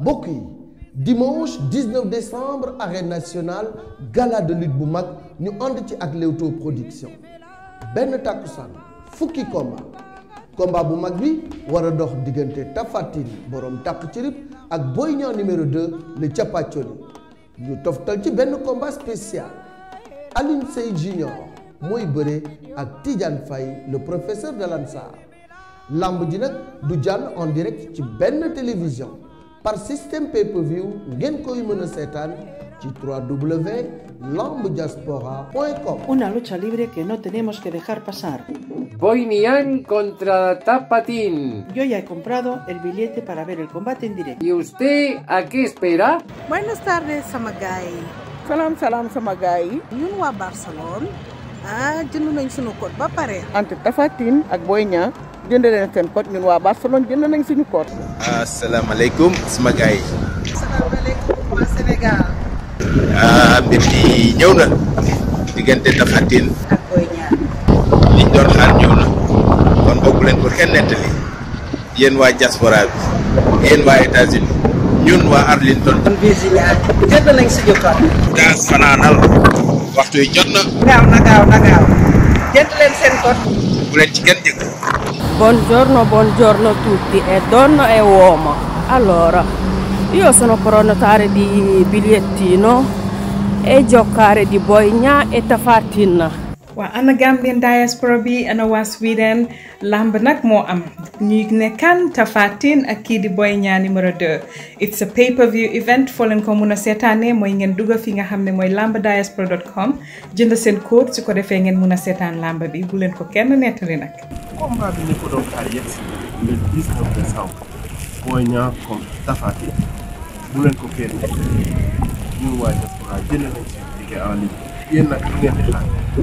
mbokk yi dimanche 19 décembre arène nationale gala de lutte bu mag ñu ànd ci ak Leewtoo production benn takkusaan fukki combat combat bu mag bi wara dox diggante Tapha Tine borom takk ci ak Boy Niang numéro 2 le capacholi ñu toftal ci benn combat spécial Alioune Seye Junior mooy bëre ak Tidiane Faye le professeur de l'Ansar lamb ji nag du jàll en direct ci benn télévision par système pay-per-view ngeen koy mën a seetaan ci www.lambdiaspora.com. Una lucha libre que no tenemos que dejar pasar. Boinian contra Tapatín. Yo ya he comprado el billete para ver el combate en directo. ¿Y usted a qué espera? Buenas tardes, Samagay. Salam, salam, Samagay. Ñun waa Barcelone. ba pare. ante Tafatin ak Boy jënd leen seen code ñun waa Barcelone jënd nañ suñu code. asalaamaaleykum sama gars yi. Ah, mbir mi ñëw na. diggante Tapha Tine. doon xaar ñëw na. kon bokk ko kenn nettali. yéen waa diaspora bi. yéen waa États-Unis ñun waa Arlington. jënd leen seen code. bu leen ci kenn jëkk. Buongiorno, buongiorno a tutti, è donna e uomo. Allora, io sono pronotare di bigliettino e giocare di Boigna e Tafatin. waa ana Gambien diaspora bi ana waa Sweden lamb nag moo am ñuy nekkaan Tapha ak kii di Boy Niang numéro 2 it's a pay view event foo leen ko mun a seetaanee mooy ngeen dugg fi nga xam ne mooy lambdiaspora.com jënd seen code su ko defee ngeen mun a seetaan lamb bi bu leen ko kenn nettali nag. nag ngeen di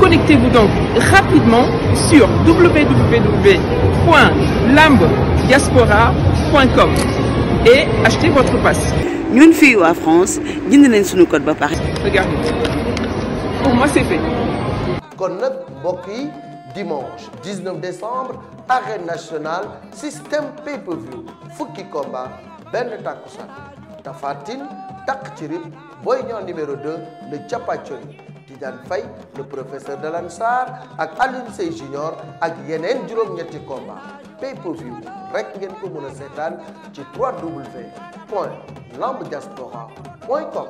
Connectez-vous donc rapidement sur www.lamb-diaspora.com et achetez votre passe. ñun fii waa France jënd nañ suñu code ba pour moi c'est fait. kon nag mbokk dimanche décembre arène système pay-per-view fukki combat benn takkusaan Tapha Tine takk ci rib Boy le Thiapathioly. Tidiane Faye le professeur de l'Ansar ak Alioune Seye Junior ak yeneen juróom-ñetti combat pay-per-view rek ngeen ko mën a seetaan ci 3W point lambdiaspora point com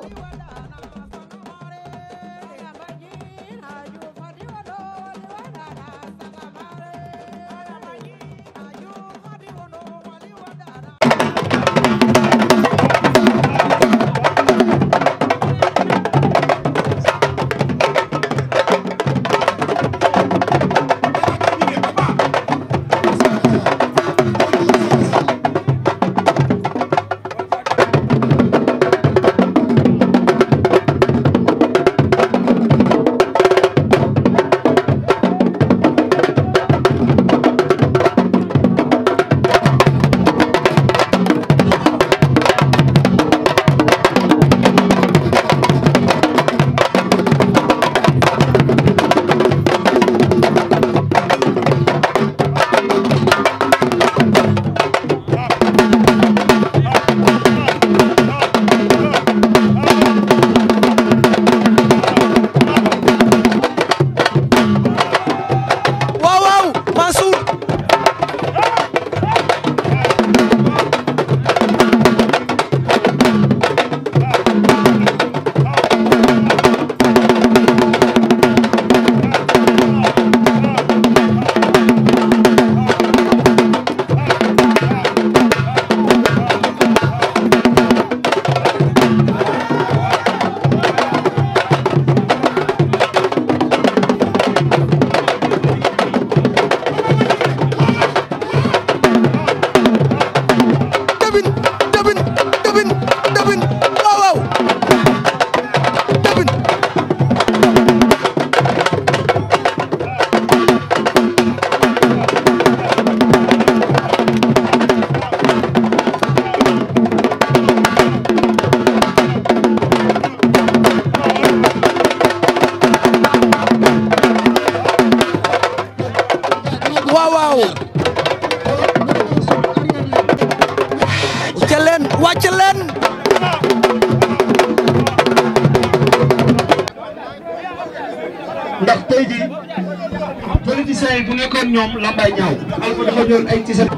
ci seen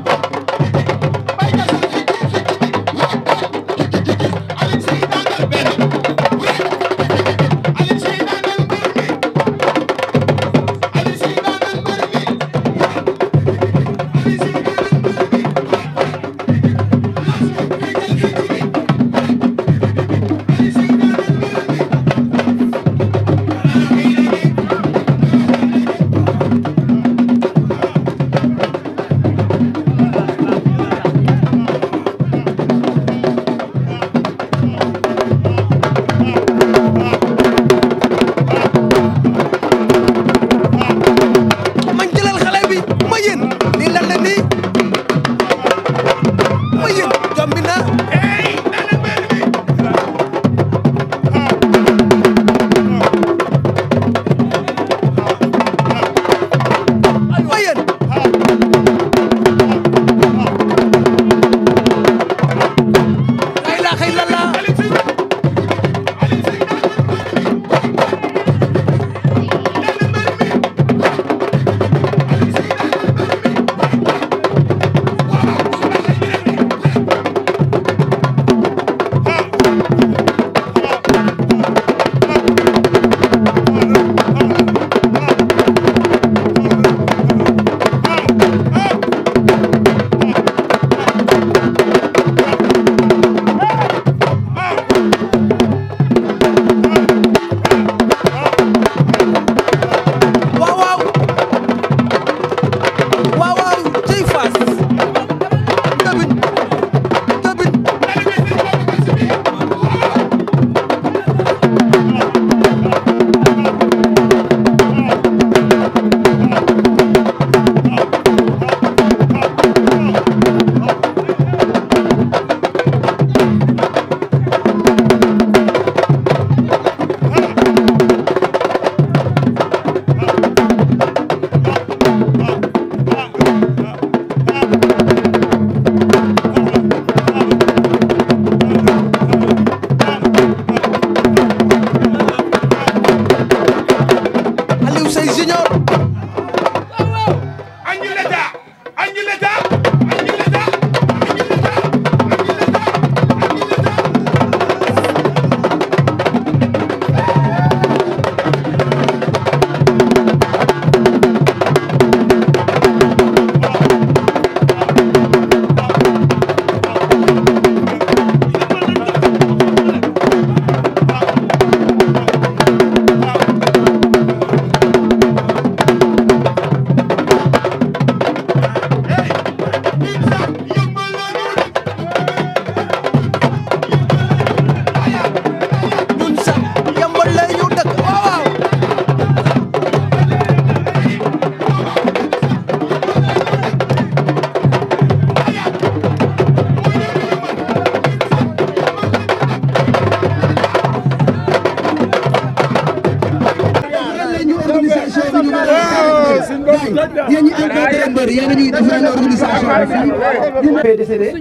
coupé décédé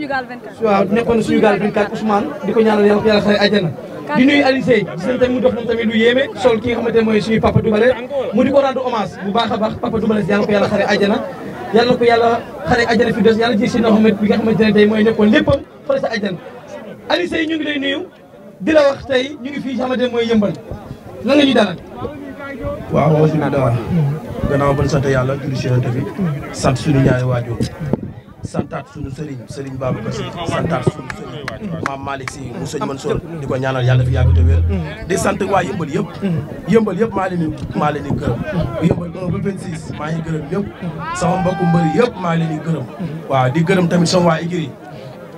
waaw nekkoon suñu gaal 24 Ousmane di ko ñaanal yàlla yàlla xare àjjana di nuyu Aliou Seye gis mu dox moom tamit lu yéeme sol ki nga mooy suñu papa di ko rendre a baax papa Doubalé fi si Mohamed bi mooy nekkoon léppam fële sa àjjana Aliou Seye ñu ngi lay nuyu di la wax tey ñu ngi fii xamante mooy yëmbal lan la ñuy dalal waaw waaw fi yàlla julli si yonent bi sant suñu ñaari waajur santaat suñu sëriñ sëriñ Babacar Si santaat suñu sëriñ maam Malick Si mu sëñ Mansour di ko ñaanal yàlla fi yàgg te wér di sant waa yëmbal yëpp yëmbal yëpp maa leen di maa leen di yëmbal un ba maa ngi gërëm yëpp sama mbokku mbëri yëpp maa leen di gërëm waaw di gërëm tamit sama waa écurie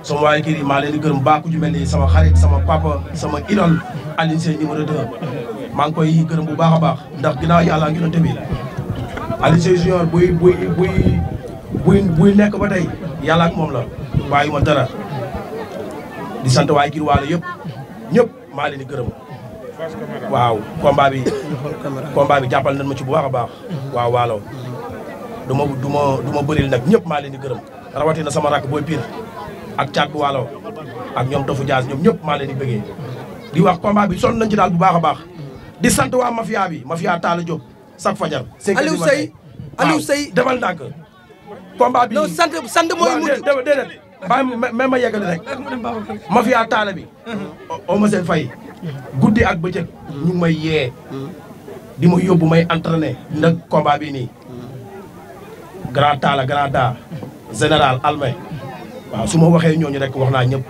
sama waa écurie maa leen di gërëm baaku ju mel ni sama xarit sama papa sama idole Alioune Sèye numéro 2 maa ngi koy gërëm bu baax a baax ndax ginnaaw laa ngi doon tamit buy buy nekk ba tey yàlla moom la bàyyi ma dara di sant waa gir waalo yëpp ñëpp maa leen gërëm waaw combat bi combat bi jàppal nañ ma ci bu baax baax waaw waalo du ma du ma du ma bëril nag ñëpp maa leen di gërëm rawatina sama rakk booy piir ak caat waalo ak ñoom dofu jaas ñoom ñëpp maa leen di bëggee di wax combat bi sonn nañ ci daal bu baax a baax di sant waa mafia bi mafia Talla Diop chaque fajar say Seye Aliou combat bi sant sant mooy mujj waaw déedéet bàyyi ma ma yeggali rek mafia taala bi. Mm-hmm. Eumeu Sène Faye mm-hmm. guddi ak bëccëg ñu ngi may yee. Mm-hmm. di ma yóbbu may entraîné ndax combat bi nii. grand taala grand da général almay waaw su ma waxee ñooñu rek wax naa ñëpp.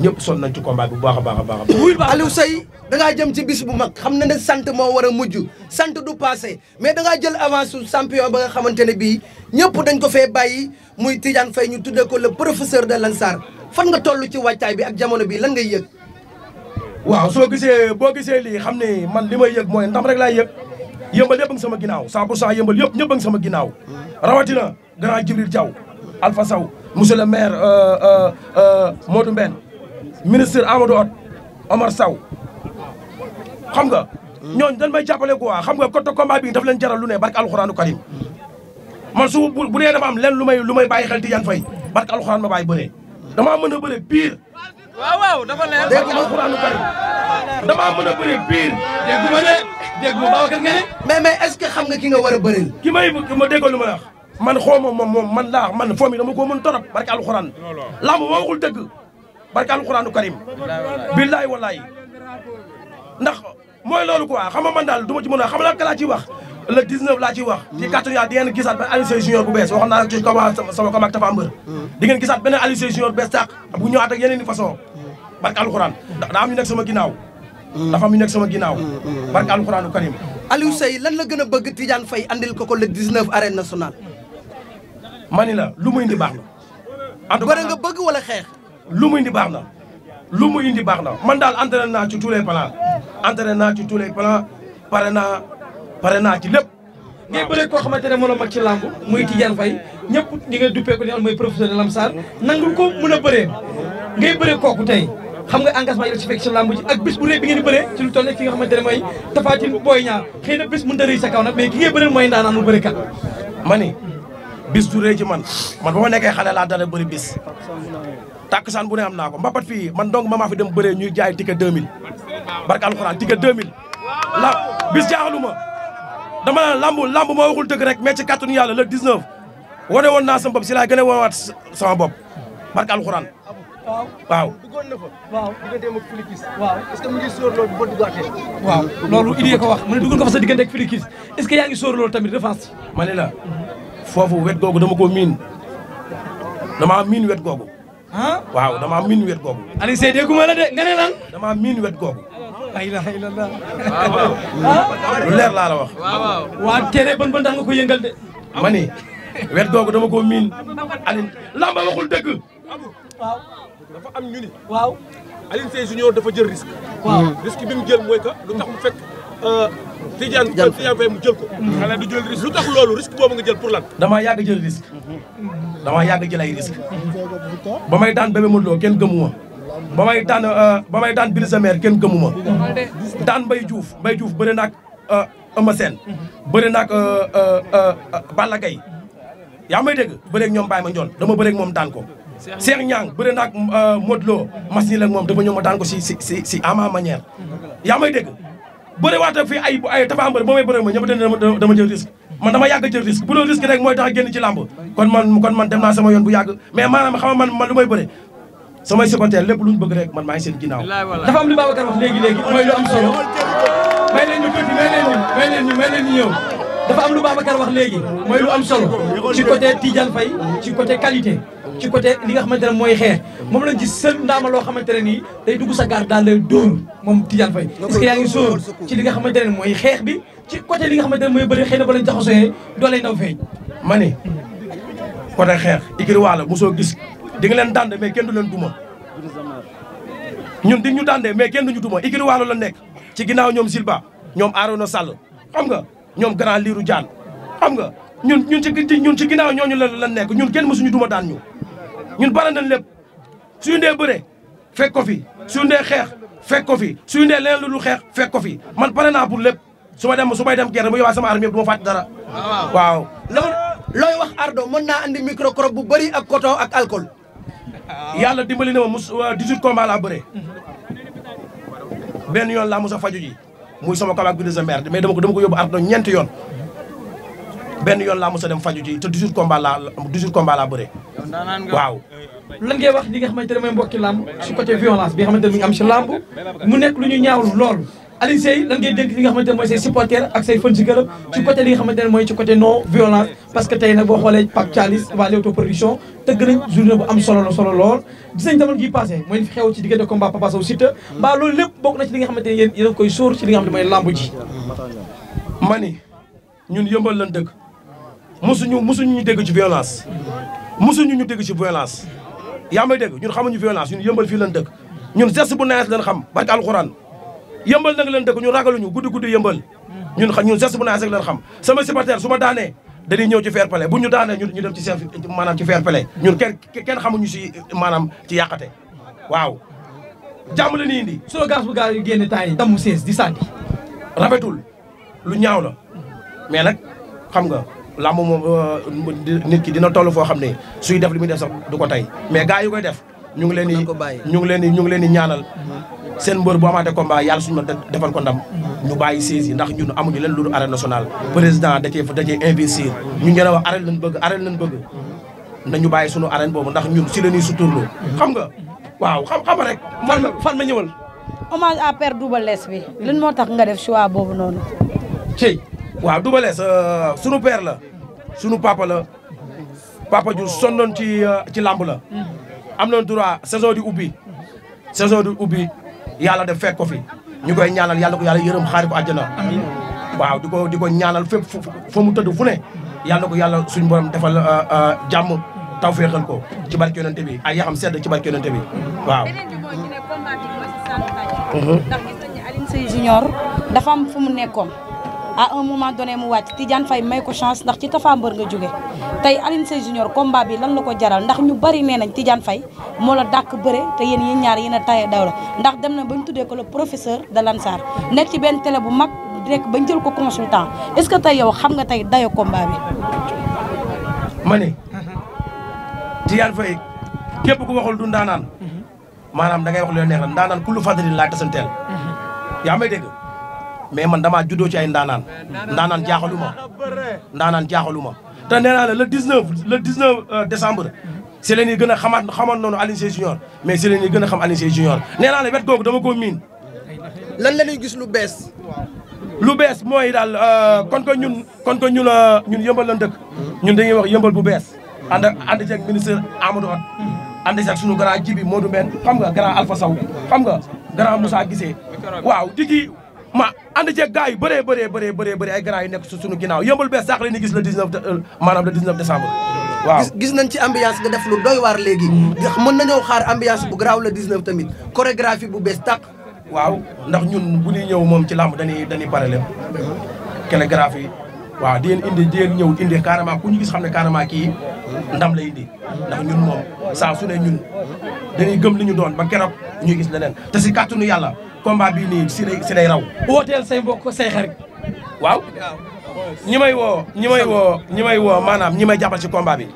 ñëpp sonn nañ ci combat bi bu baax a baax a baax a Aliou Seye dangaa jëm ci bis bu mag xam na ne sant moo war a mujj sant du passé mais dangaa jël avance su champion ba nga xamante ne bii ñëpp dañ ko fee bàyyi muy Tidiane Faye ñu tuddee ko le professeur de Lansar fan nga toll ci wàccaay bi ak jamono bi lan ngay yëg waaw soo gisee boo gisee lii xam ne man li may yëg mooy ndam rek laa yëg yëmbal yëpp a ngi sama ginnaaw 100 pour yëmbal yëpp ñëpp a sama ginnaaw rawatina grand Jibril Diaw Alpha Sow monsieur le maire euh, euh, euh, Modou Mbène ministre Amadou Hott Omar Sow xam nga. ñooñu dañ may jàppale quoi xam nga côté combat bi daf leen jaral lu ne barke alxuraanu karim man su bu bu dee dama am leen lu may lu may bàyyi xel Tidiane Faye barke alxuraan ma bàyyi bëree damaa mën a bëre pire. waaw dafa leer barke alxuraanu karim damaa mën a bëre es dégg nga ne dégg nga nga ne. xam nga ki nga war a bëreel. ki may ma déggoo lu ma wax. man xooma moom moom man laa man foo mi dama koo mën torop alxuraan lamb ma waxul dëgg barke alxuraanu karim billaay wallaay ndax mooy loolu quoi xam nga man daal du ma ci mën a xam laa ciy wax le 19 laa ciy wax ci kàttan yaa di ngeen gisaat benn Alioune Seye bu bees waxoon naa ci kama sama kama ak Tapha Mbeur di ngeen gisaat benn Alioune Seye bu bees tàq bu ñëwaat ak yeneen i façon barke alxuraan ndax daa am ñu nekk sama ginnaaw dafa am ñu lan la bëgg Tidiane Faye andil ko ko ma ni na lu mu indi baax na. gore nga bëgg wala xeex. lu mu indi baax na lu mu indi baax na man daal entraîné naa ci tous les plans naa ci tous les plans pare naa pare naa ci lépp. ngay bëre koo xamante ne moom la mag ci làmb muy Tidiane Faye ñëpp ñi nga duppee ko ni mooy professeur de Lamsar nangul ko mën a bëree ngay bëree kooku tey xam nga engagement yi la ci fekk ci làmb ji ak bis bu rëy bi ngeen di bëree lu toll ne nga xamante ne mooy Tapha Tine Boy a rëy sa kaw nag mais ki ngay bëree mooy ndaanaan ni bis du rëy ci man man ba ma nekkee xale laa dara bëri bis tàkkusaan bu ne am naa ko mbapat fii man donc mamaa fi dem bëree ñuy jaay ticket 2000 barka alxuraan ticket 2000 la bis jaaxaluma dama naan lamb lamb moo waxul dëgg rek mais ci kàttanu yàlla le 19 wane woon naa sama si laa gën a woowaat sama bopp barka alxuraan waaw duggoon na fa. waaw digganteem ak Filikis. waaw yaa ngi sóor loolu tamit revanche. ma ne la. foofu wet googu dama ko miin damaa miin wet googu. waaw damaa miin wet googu. Aliou Seye dégguma la de nga ne lan. damaa miin wet googu. la ilaha illallah. waaw waaw. lu leer laa wax. waaw waaw. waa tere ban ban nga ko yëngal de. ma wet googu dama ko miin Alioune. lamba waxul dëgg. waaw. dafa am ñu ni. waaw. Alioune dafa jël risque. waaw risque mu jël mooy lu tax mu Euh, Tidiane Tidiane Faye mu jël ko xanaa du jël risque lu tax loolu risque boobu nga jël pour lan damaa yàgg jël risque damaa yàgg jël ay risque ba may daan bébé Modou Lo kenn gëmuma ba may daan euh, ba may daan Birisa Meer kenn gëmuma daan Mbaye Diouf Mbaye Diouf bëri naag euh, Eumeu Sène bëri naag Balla Gaye yaa may dégg bëreeg ñoom Baye ma Ndiol dama bëreeg moom daan ko Cheikh Niang bëri naag Modou Lo mas ni la moom dafa ñëw ma daan ko si si si yaa may dégg bëri waat ak fii ay ay Tapha Mbeur ba may bëri ma ñëpp dañ dama jël risque man dama yàgg jël risque bu doon rek mooy tax génn ci làmb kon man dem naa sama yoon bu yàgg mais maanaam xam man lu may bëri samay supporter lépp lu ñu bëgg rek man maa ngi seen dafa am li Babacar wax léegi léegi mooy lu am solo may leen ñu tuuti may wax léegi mooy lu am solo ci côté Tidiane Faye ci côté ci côté li nga xamante ne mooy xeex moom la gis seen ndaama loo xamante ne nii day dugg sa gaar daal lay dóor moom Tidiane Faye est-ce que yaa ngi sóor ci li nga xamante ne mooy xeex bi ci côté li nga xamante ne mooy bëri xëy na ba lañ jaxasoo doolay ndaw feeñ ma ne côté xeex igiri waalo mosoo gis di nga leen dànd mais kenn du leen duma ñun di ñu dàndee mais kenn duñu duma igiri waalo la nekk ci ginnaaw ñoom Silba ñoom Arona Sall xam nga ñoom grand liiru Diane xam nga ñun ñun ci ñun ci ginnaaw ñooñu la la nekk ñun kenn mësuñu duma daan ñu ñun pare na lépp suñu dee bëre fekk ko fi suñu dee xeex fekk ko fi suñu dee leneen lu dul xeex fekk ko fi man pare naa pour lépp su ma dem su may dem ger bu yóbbaa sama armée yëpp du ma fàtte dara. waaw looy wax Ardo mën naa andi microcrobe bu bëri ak coton ak alcool. Ah. yàlla dimbali na ma mus 18 combats laa bëree. benn yoon laa mos a faju ji muy sama kaw ak bi de sa mère mais dama ko dama ko yóbbu Ardo ñeenti yoon. benn yoon laa a solo la solo lool gis nañ jamono gi mooy fi xew ci diggante combat Papa Sow Siteu mbaa loolu lépp bokk na ci li nga xamante ne yéen yéen a koy sóor ci li nga xamante ne mooy làmb ji ma ñun yëmbal lan musuñu musuñu ñu dégg ci violence musuñu ñu dégg ci violence yaa may dégg ñun xamuñu violence ñun yëmbal fii lan dëkk ñun geste bu neex lan xam barke alxuraan yëmbal nag lan dëkk ñun ragaluñu guddi guddi yëmbal ñun xam ñun geste bu neex rek xam sama supporter su ma daanee dañuy ñëw ci fair play bu ñu daanee ñu dem ci seen maanaam ci fair play ñun kenn kenn xamuñu si maanaam ci yàqate waaw jàmm la nii indi solo bu gaz yu génn temps yi damu sees di sànni rafetul lu ñaaw la mais nag xam nga làmb moom euh, nit ki dina toll foo xam ne suy def lu muy def sax du ko tey mais gars yu koy def ñu ngi leen di ñu ngi leen di ñu ngi leen di ñaanal mhm. seen mbër bu amaatee a yàlla suñu ma defal ko ndam mhm. ñu bàyyi saisi ndax ñun amuñu leen lu dul arène nationale président da cee da cee investir ñu ngeen a wax arène lañ bëgg arène lañ bëgg mhm. nañu bàyyi suñu arène boobu ndax ñun si la ñuy suturloo xam nga waaw xam xam rek fan fan ma ñëwal hommage à Père Double Less bi lan moo tax nga def choix boobu noonu ci waaw Double Less euh, sunu père la sunu papa la papa ju sonnoon ci euh, ci làmb la am na droit saison di ubbi saison di ubbi yàlla def fekk ko fi ñu koy ñaanal yàlla ko yàlla yërëm xaari ko àjjana waaw di ko di ko ñaanal fépp fa mu tëdd fu ne yàlla ko yàlla suñu borom defal euh, jàmm taw féexal ko ci barke yonente bi ay yaxam sedd ci barke yonente bi waaw mhm. ndax gis fu mu nekkoon à un moment donné mu wàcc Tidiane Faye may ko chance ndax ci Tapha Mbeur nga jóge tey Alioune Seye Junior combat bi lan la ko jaral ndax ñu bari nee nañ Tidiane fay moo la dàq bëre te yéen yéen ñaar yéen a taye daw la ndax dem na ba ñu tuddee ko le professeur de l'Ansar nekk ci benn télé bu mag rek bañ jël ko consultant est-ce que tey yow xam nga tey dayo combat bi ma ne Tidiane Faye képp ku waxul du ndaanaan mhm. maanaam da ngay wax lu neex la ndaanaan ku lu fadri laa tasanteel mhm. yaa may dégg mais man damaa juddoo ci ay ndaanaan ndaanaan jaaxalu ma ndaanaan jaaxalu ma te nee la le 19 le 19 euh, décembre si la ñuy gën a xam xamoon noonu Alioune Seye junior mais si la ñuy gën a xam Alioune Seye junior nee naa la wet googu dama ko miin lan la ñuy gis lu bees lu bees mooy daal euh, kon ko ñun kon ko ñun euh, ñun yëmbal lan ñun dañuy wax yëmbal bu bees ànd ak ànd ci ak ministre Amadou Hott ànd ci ak sunu grand Jibi xam ga grand Alpha Sow xam nga grand Moussa Guissé waaw digi ma ànd ceeg gars yi bëree bëree bëree bëree bëri ay gars yu nekk su suñu ginnaaw yëmbal bees sax la ni gis le 19 euh, maanaam le 19 décembre waaw gis nañ ci ambiance nga def lu doy waar léegi mën nañoo xaar ambiance bu garaaw le 19 tamit chorégraphie bu bees tàq waaw ndax ñun bu ñuy ñëw moom ci làmb dañuy dañuy pare lépp chorégraphie waaw di leen indi di leen ñëw indi carrément ku ñu gis xam ne carrément kii ndam la indi ndax ñun moom saa su ne ñun dañuy gëm li ñu doon ba keroog ñuy gis leneen te si kàttanu yàlla combat bii nii si day si raw. wooteel say mbokk say xarit waaw. ñi may woo ñi may woo ñi may woo maanaam ñi may jàppal si combat bi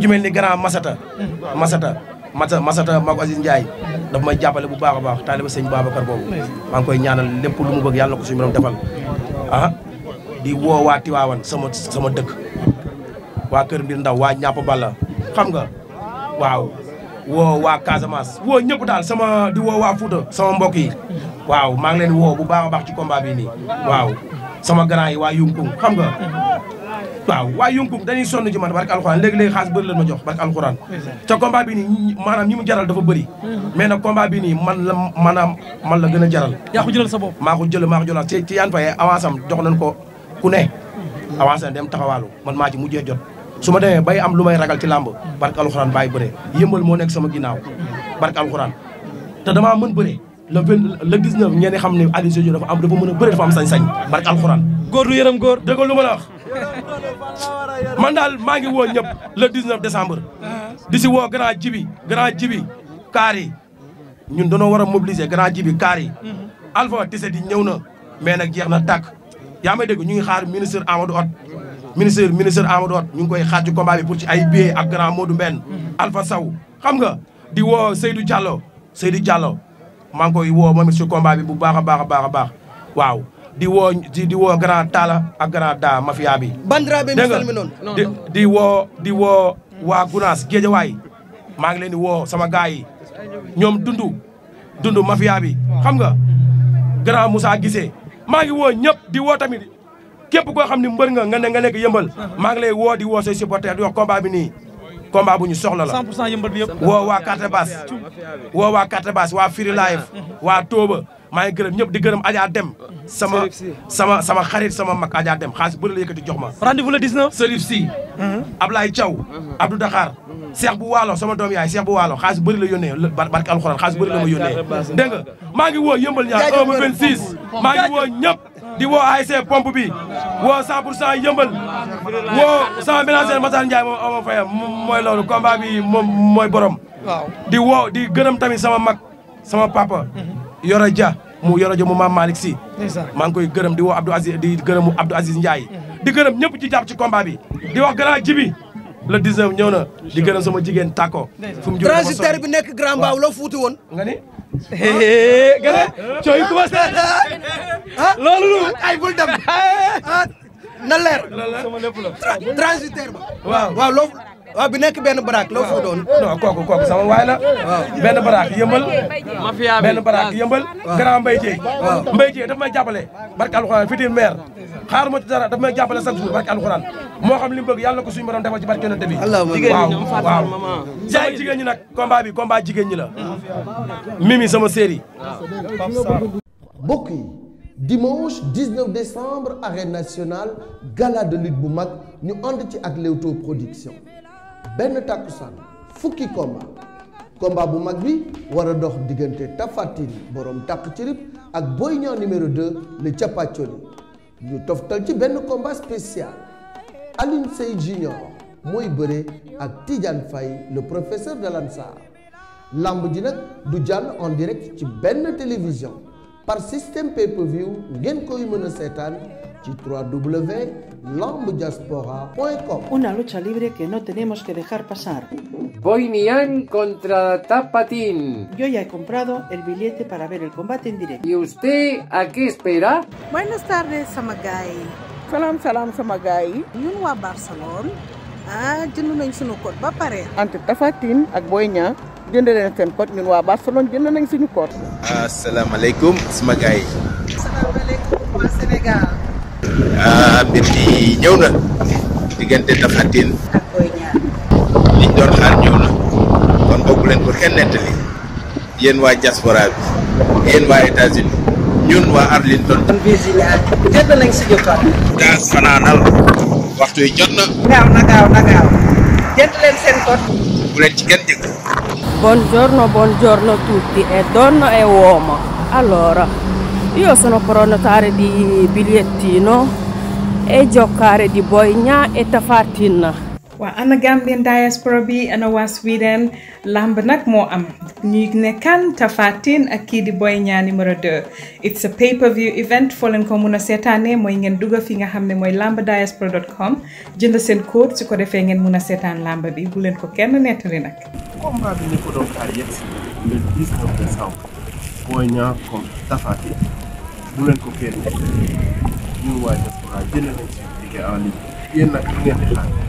ci mel ni grand Masata. Masata Masata Masata Magu Aziz Ndiaye daf may jàppale bu baax a baax taaliba sëñ Babacar boobu maa ngi koy ñaanal lépp lu mu bëgg yàlla na ko suñu borom di woo waa Tiwaawan sama sama dëkk waa Kër Mbir Ndaw waa ñàpp balla xam nga waaw woo waa Casamance woo ñëpp daal sama di woo waa Fuuta sama mbokk yi waaw maa ngi leen woo bu baax a baax ci combat bi nii waaw sama grand yi waa Yunkung xam nga waaw waa Yunkung dañuy sonn ci man barke alxuraan léegi-léegi xaas bëri la ma jox barke alxuraan te combat bi nii jaral dafa bëri mais na combat bi nii man la maanaam man la gën a jaral yaa ko jëlal sa bopp maa ko jël maa ko ci yaan faye avance am jox nañ ko ku ne avancé dem taxawaalu man maa ci mujjee jot su demee bay am lu may ragal ci làmb barke alxuraan bàyyi bëre yëmbal moo nekk sama ginnaaw barke alxuraan te damaa mën bëre le vingt le 19 ñenn xam ne Alioune Sédhiou dafa am dafa mën a bëre dafa am sañ-sañ barke alxuraan góor du yërëm góor dëgg lu ma la wax man daal maa ngi woo ñëpp le 19 décembre di si woo grand jibi grand kaar ñun danoo war a mobiliser grand jibi kaar yi mhm. alpha tise di ñëw na mais nag jeex na tàkk yaa may dégg ñu ngi xaar ministre Amadou Hott ministre ministre Amadou Hott ñu ngi koy xaar ci combat bi pour ci ay billets ak grand Modou Mbène Alpha xam nga di woo Seydou Diallo Seydou Diallo maa ngi koy woo moom ci combat bi bu baax a baax a baax a baax waaw di woo di woo grand Talla ak grand Da mafia bi. bandiraɓe mi noon di di woo di woo waa Gunaas Géejawaay maa ngi leen di woo sama gars yi ñoom dundu dundu mafia bi xam nga grand Moussa Guissé maa ngi woo ñëpp di woo tamit képp koo xam ne mbër nga nga ne nga nekk yëmbal uh-huh. maa ngi lay woo di woo say supporter di wax combat bi nii combat bu ñu soxla la 100% yëmbal bi yëpp woo waa carte basse woo waa carte basse waa Firi Live uh-huh. waa Tooba maa ngi gërëm ñëpp di gërëm Adja Dem uh-huh. sama sama sama xarit sama mag Adja Dem xaalis bëri la yëkkati jox ma rendez-vous le 19 Serif Sy Ablaye Thiaw Abdou Dakar seex bu waalo sama doom yaay seex bu waalo xaalis bëri la yónnee barke alxuraan xaalis bëri la yónnee dégg maa ngi woo yëmbal ñaar 1 ba maa ngi woo ñëpp di woo ASC pompe bi woo 100 pour cent yëmbal woo sama ménagère Matar Ndiaye moom moo fayam mooy loolu combat mooy borom di woo di gërëm tamit sama mag sama papa Yoro Dia mu Yoro Dia mu maam Malick Sy maa ngi koy gërëm di woo Abdou Aziz di gërëm Abdou Aziz Ndiaye di gërëm ñëpp ci ci combat le 19 ñëw na di gërëm sama jigéen tàkko fu mu bi nekk grand mbaaw loo fuuti woon nga ni gën a cooy commencé ah loolu ay bul dem ah, na leer transitaire ba waaw waaw loo waaw bi nekk benn baraak loo foo doon non kooku kooku sama waay la waaw benn baraak yëmbal mafia bi benn baraak yëmbal grand Mbaye Dieye waaw Mbaye Dieye daf may jàppale barke alxuraan fitil maire xaaruma ci dara daf may jàppale chaque jour barke alxuraan moo xam li mu bëgg yàlla ko suñu borom defal ci barke yonent bi waaw waaw sama jigéen nag combat bi jigéen ñi la mimi sama série mbokk yi dimanche 19 décembre arène nationale gala de lutte bu mag ñu ànd ci ak Leewtoo production benn takkusaan fukki combat combat bu mag bi war a dox diggante Tapha Tine borom takk ci ak Boy Niang numéro 2 le capacoli ñu toftal ci benn combat spécial Alioune Seye Junior mooy bëre ak Tidiane Faye le professeur de l'Ansar lamb ji nag du jàll en direct ci benn télévision par système pay-per-view koy mën a seetaan ci 3W lambdiaspora.com. Una lucha libre que no tenemos que dejar pasar. Boinian contra Tapatín. Yo ya he comprado el billete para ver el combate en directo. ¿Y usted a qué espera? Buenas tardes, Samagai. salaam salaam sama gars yi. ñun waa Barcelone ah, jënd nañ suñu code ba pare. entre Tapha Tine ak Boy Niang jënd leen seen code ñun waa Barcelone jënd nañ suñu code. asalaamaaleykum ah, sama gars yi. asalaamaaleykum waa Sénégal. ah mbir mi ñëw na diggante Tapha Tine. ak Boy doon xaar ñëw na kon bokk leen ko kenn nettali yéen waa diaspora bi yéen waa États-Unis ñun waa Arlington. kon bii si ñaar jot nañ si jotaat. fanaanal waxtu yi jot na. gaaw na gaaw na leen seen kot. bu leen ci kenn jëkk. buongiorno buongiorno tutti e donna e uomo allora io sono pronotare di bigliettino e jokkaare di Boy Niang et Tapha Tine. waa ana Gambian diaspora bi ana waa Sweden lamb nag moo am ñu nekkaan Tapha Tine ak kii di Boy Niang numéro 2 it's a pay view event foo leen ko mën a seetaanee mooy ngeen dugg fi nga xam ne mooy lambdiaspora.com jënd seen code su ko defee ngeen mën a seetaan lamb bi bu leen ko kenn nettali nag. combat bi ñu ko doon xaar bu leen ko kenn nettali ñun waa nag ngeen di xaar.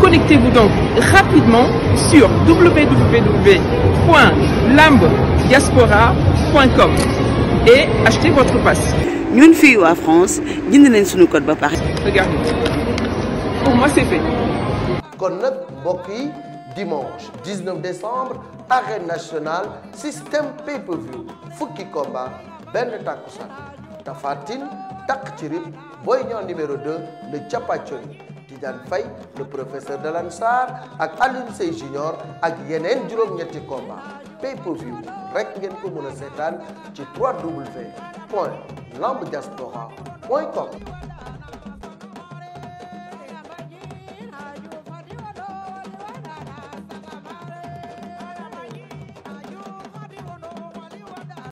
Connectez-vous donc rapidement sur www.lambdiaspora.com et achetez votre passe. ñun fii waa France jënd nañ suñu code ba pour moi c'est fait. kon nag yi dimanche 19 décembre arène nationale système pay-per-view fukki combat benn takkusaan Tapha Tine takk ci rib Boy numéro le Thiapathioly. Tidiane Faye le professeur de l'Ansar ak Alioune Seye Junior ak yeneen juróom-ñetti combat pay po view rek ngeen ko mën a seetaan ci 3W point lambdiaspora point com